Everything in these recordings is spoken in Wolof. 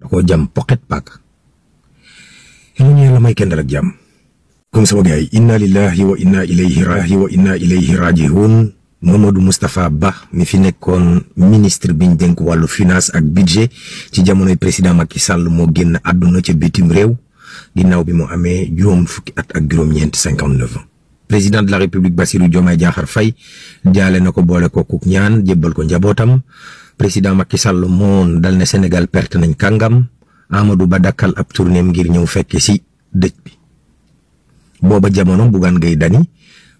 da koo jam poqet paaka yàlla ñu jàmm kon sama gars yi inna lillahi wa inna ilayhi raahi wa inna ilayhi raajihuun Mamadou Moustapha Ba mi fi nekkoon ministre biñ dénk wàllu finance ak budget ci jamonoy président Macky Sall moo génn àdduna ci bitim réew ginnaaw bi mu amee juróom fukki at ak juróom-ñeent cinquante neuf ans président de la république Bassirou Diomaye Diakhar Faye jaale na ko boole ko kuk ñaan jébbal ko njabootam président Macky Sall moon dal ne Sénégal perte nañ kàngam Amadou Ba dakkal ab tournéem ngir ñëw fekke si dëj bi booba jamono Bougane gay Dany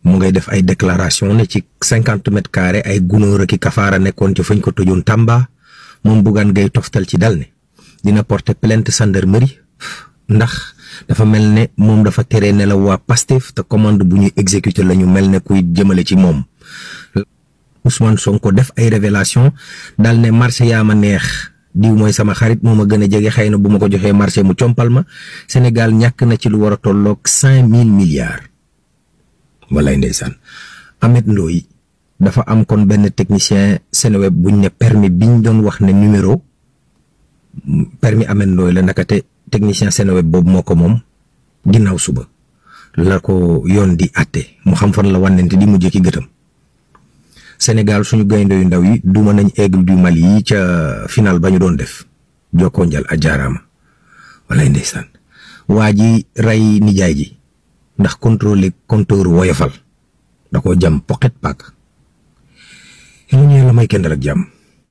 mu ngay def ay déclaration ne ci cinquante mètres carrés ay gunóor ak i kafaara nekkoon ci fañ ko tëjoon Tamba moom Bougane Gueye toftal ci dal ne dina porter plainte gendarmerie ndax dafa mel ne moom dafa tere ne la waa Pastef te commande bu ñu exécuter la ñu mel ne kuy jëmale ci moom Ousmane Sonko def ay révélation daal ne marché yaa ma neex diw mooy sama xarit moo ma gën a jege xëy na bu ma ko joxee marché mu compal ma Sénégal ñàkk na ci lu war a tolloog cinq mille milliards. walaay ndeysaan Ameth Ndoye dafa am kon benn technicien Seneweb buñ ne permis biñ doon wax ne numéro permis Ameth Ndoye la naka te technicien Seneweb boobu moo ko moom ginnaaw suba la ko yoon di àtte mu xam fan la wànnante di mu ki gëtam. Sénégal suñu gaynde yu ndaw yi duma nañ aigle du Mali yi ca final ba ñu doon def jokkoo njal a jaaraama walay ndeysaan waa ji rey nijaay ji ndax contrôler compteur woyofal da ko jam poqet paak lu ñu yàlla may kendal ak jàmm